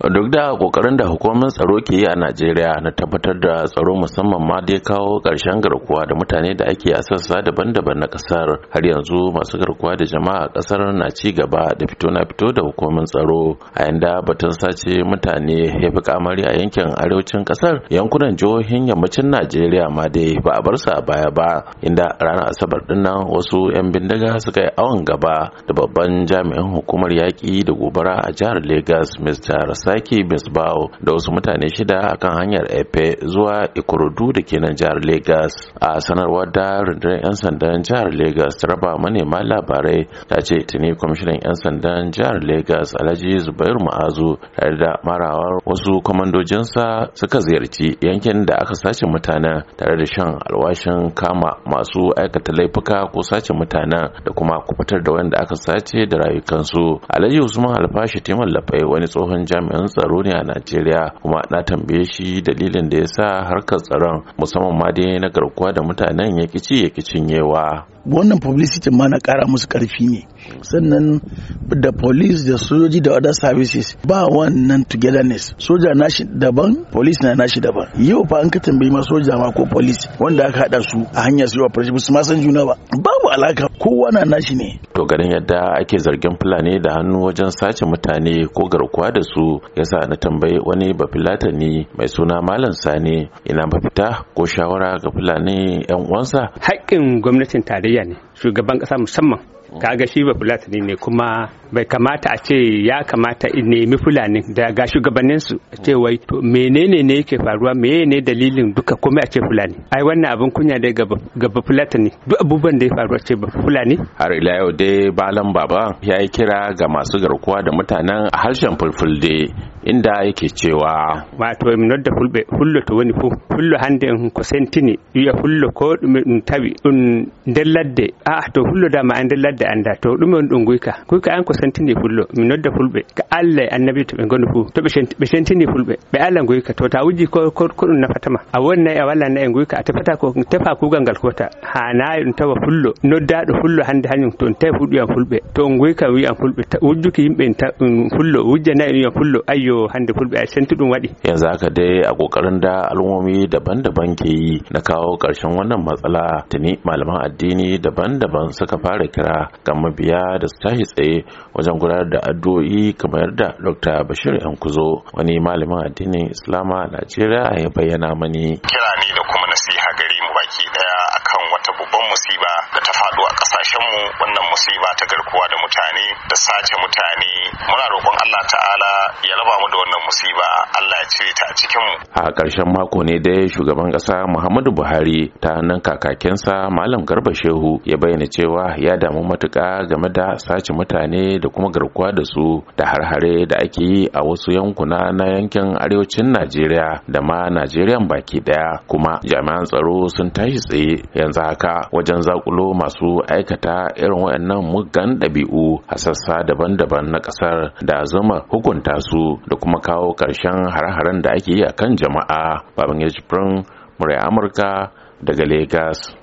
duk da kokarin da hukumomin tsaro ke yi a najeriya na tabbatar da tsaro musamman ma dai kawo karshen garkuwa da mutane da ake a sassa daban-daban na kasar har yanzu masu garkuwa da jama'a a kasar na ci gaba da fito na fito da hukumomin tsaro a yanda batun sace mutane ya fi kamari a yankin arewacin kasar yankunan jihohin yammacin najeriya ma dai ba a bar su a baya ba inda ranar asabar dinnan wasu 'yan bindiga suka yi awon gaba da babban jami'in hukumar yaƙi da gobara a jihar lagos mr Saki Besbao da wasu mutane shida akan hanyar Efe zuwa Ikurudu da ke nan jihar Legas. A sanarwar da rundunar 'yan sandan jihar Legas ta raba manema labarai ta ce tuni kwamishinan 'yan sandan jihar Legas Alhaji Zubairu Ma'azu tare da marawar wasu kwamandojinsa suka ziyarci yankin da aka sace mutane, tare da shan alwashin kama masu aikata laifuka ko sace mutanen da kuma kubutar da wanda aka sace da rayukansu. Alhaji Usman Alfashi Timan Lafai wani tsohon jami'in jami'an tsaro ne a Najeriya kuma na tambaye shi dalilin da ya sa harkar tsaron musamman ma dai na garkuwa da mutanen ya kici ya cinyewa. Wannan publicity ma na kara musu karfi ne sannan da police da sojoji da other services ba wannan togetherness soja nashi daban police na nashi daban yau fa an ka tambayi ma soja ma ko police wanda aka haɗa su a hanyar su yi operation su ma san juna ba ba alaka kowa na nashi ne to garin yadda ake zargin fulani da hannu wajen sace mutane ko garkuwa da su yasa na tambayi wani bafilatani mai suna malam sani ina mafita ko shawara ga fulani yan uwansa haƙƙin gwamnatin tarayya ne shugaban ƙasa musamman kaga shi ba fulatani ne kuma bai kamata a ce ya kamata in nemi fulani ga shugabannin su a ce wai to menene ne yake faruwa menene dalilin duka kuma a ce fulani ai wannan abin kunya dai ga gaba fulatani duk abubuwan da ya faru a ce ba fulani har ila yau dai balan baba ya yi kira ga masu garkuwa da mutanen a harshen fulfulde inda yake cewa wato mi nodda fulbe hullo to woni fu hullo hande en ko sentini wiya hullo ko dum dum tawi ɗum nder ladde a ah, to hullo da ma nder ladde anda to dum on ɗum guika guika an ko sentini hullo mi nodda fulbe ka alle annabi to be goni fu to be sentini fulbe be allah guika to ta wuji ko ko, ɗum nafatama a wonna e walla na en guika a tefata ko tefa kugal ngal kota ha na ɗum tawa hullo nodda do hullo hande hañum to on tawi fuɗɗoyan fulbe to on guyka wiyan fulɓe wujjuki yimɓe fullo wujjanayi ɗum wiyan fullo ayyo hande fulbe a can tudun waɗi. yanzu haka dai a kokarin da al'ummomi daban-daban ke yi na kawo ƙarshen wannan matsala tuni malaman addini daban-daban suka fara kira ga mabiya da su tashi tsaye wajen gudanar da addu'o'i kamar yadda dr bashir yankuzo wani malamin addinin islama a najeriya ya bayyana mani. kira ne da kuma nasiha gari mu baki daya akan wata babban musiba da ta faɗo a ƙasashenmu wannan musiba ta garkuwa da mutane da sace mutane muna roƙon Allah ta'ala ya raba mu da wannan musiba Allah ya cire ta a cikin mu a ƙarshen mako ne dai shugaban ƙasa Muhammadu Buhari ta nan kakakensa Malam Garba Shehu ya bayyana cewa ya damu matuƙa game da sace mutane da kuma garkuwa da su da harhare da ake yi a wasu yankuna na yankin arewacin Najeriya da ma Najeriya baki daya kuma jami'an tsaro sun tashi tsaye yanzu haka wajen zakulo masu aikata irin waɗannan muggan ɗabi'u a sassa daban-daban na ƙasa kasar da zama hukunta su da kuma kawo ƙarshen hare-haren da ake yi a kan jama'a babban yajibirin murai amurka daga Legas.